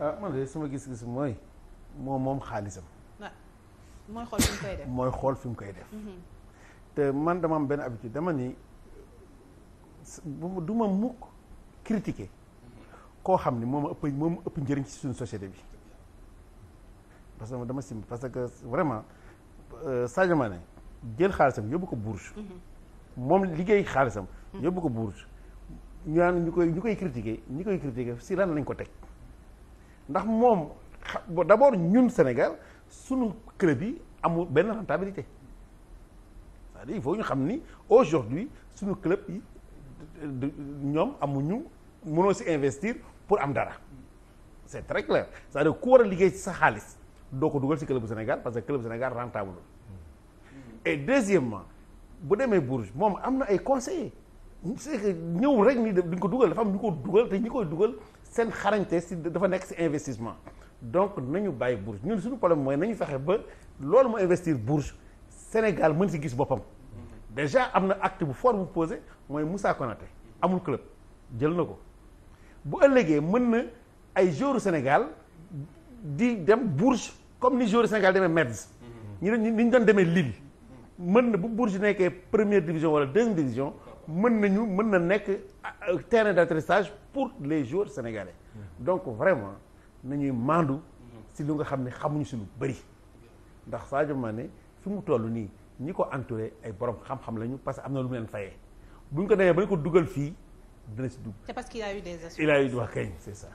ah man de sama gis-gis mooy moom moom xaalisam. Ah, mooy xool fi mu koy def mooy mhm. te man dama am benn habitude dama ni bu du ma mukk critiquer koo xam ni moom a ëpp moom a ëpp njëriñ si suñu société bi parce que dama sim parce que vraiment euh, Sadio Mané jël xaalisam yóbbu ko Bourges. Mhm. moom liggéey xaalisam. Mhm. yóbbu ko Bourges ñu naan ñu koy ñu koy critiquer ñi koy critiquer si lan lañ ko teg. ndax moom d' abord ñun Sénégal sunu club yi amul benn rentabilité c'est-à-dire il faut ñu xam ni aujourd'hui sunu club yi ñoom amuñu mënoo si investir pour am dara c' est très clair cest à ku war a liggéey ci sa xaalis doo ko dugal si club bu Sénégal parce que club Sénégal rentable et deuxièmement bu demee Bourges moom am na ay conseillers c'est que ñëw rek ni duñ ko dugal dafa am ñu ko dugal te ñu koy dugal seen xarañte si dafa nekk si investissement donc nañu bàyyi bourse ñun suñu problème mooy nañu fexe ba loolu mu investir bourse Sénégal mën si gis boppam déjà am na act bu fort bu posé mooy Moussa Konaté amul club jël na ko bu ëllëgee mën na ay joueurs Sénégal di dem bourse comme ni joueurs Sénégal demee Metz ñu ni ñu doon demee Lille mën na bu bourse nekkee première division wala deuxième division mën nañu mën na nekk euh, terrain d'atterrissage pour les jours sénégalais mmh. donc vraiment nañuy maandu si lu nga xam ne xamuñu si lu bëri ndax Sadio Mané fi mu toll nii ñi ko entouré ay borom xam-xam lañu parce que am na lu mu leen fayee bu ñu ko demee ba ñu ko dugal fii dina si dugg. c'est parce des assurances il a eu wax kañ c'est ça.